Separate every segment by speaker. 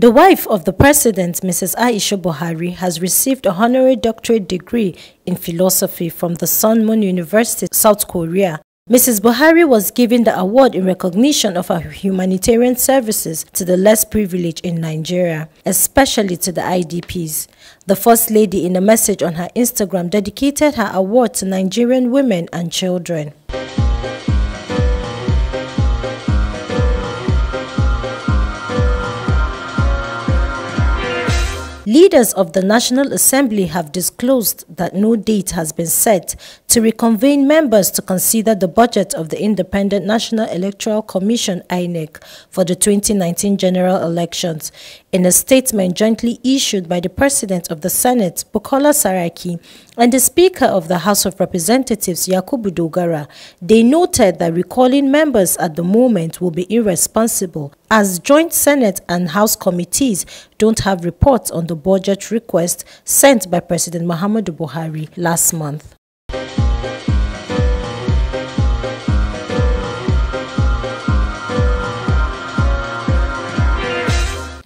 Speaker 1: The wife of the president, Mrs. Aisha Buhari, has received a honorary doctorate degree in philosophy from the Sun Moon University, South Korea. Mrs. Buhari was given the award in recognition of her humanitarian services to the less privileged in Nigeria, especially to the IDPs. The First Lady, in a message on her Instagram, dedicated her award to Nigerian women and children. Leaders of the National Assembly have disclosed that no date has been set to reconvene members to consider the budget of the Independent National Electoral Commission INEC for the 2019 general elections. In a statement jointly issued by the President of the Senate, Bukola Saraki, and the Speaker of the House of Representatives, Yakubu Dogara, they noted that recalling members at the moment will be irresponsible as joint Senate and House committees don't have reports on the budget request sent by President Muhammadu Buhari last month.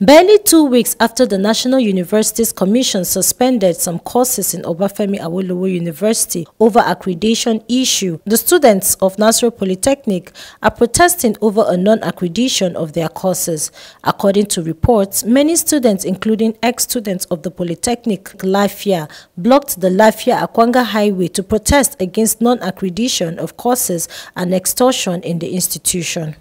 Speaker 1: Barely two weeks after the National Universities Commission suspended some courses in Obafemi Awolowo University over accreditation issue, the students of Nassau Polytechnic are protesting over a non-accreditation of their courses. According to reports, many students, including ex-students of the Polytechnic Lafia, blocked the Lafia-Akwanga Highway to protest against non-accreditation of courses and extortion in the institution.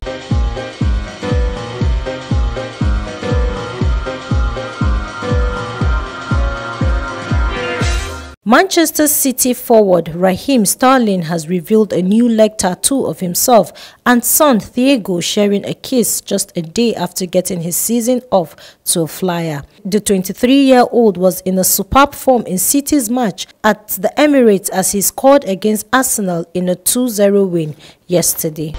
Speaker 1: Manchester City forward Raheem Sterling has revealed a new leg tattoo of himself and son Thiago sharing a kiss just a day after getting his season off to a flyer. The 23-year-old was in a superb form in City's match at the Emirates as he scored against Arsenal in a 2-0 win yesterday.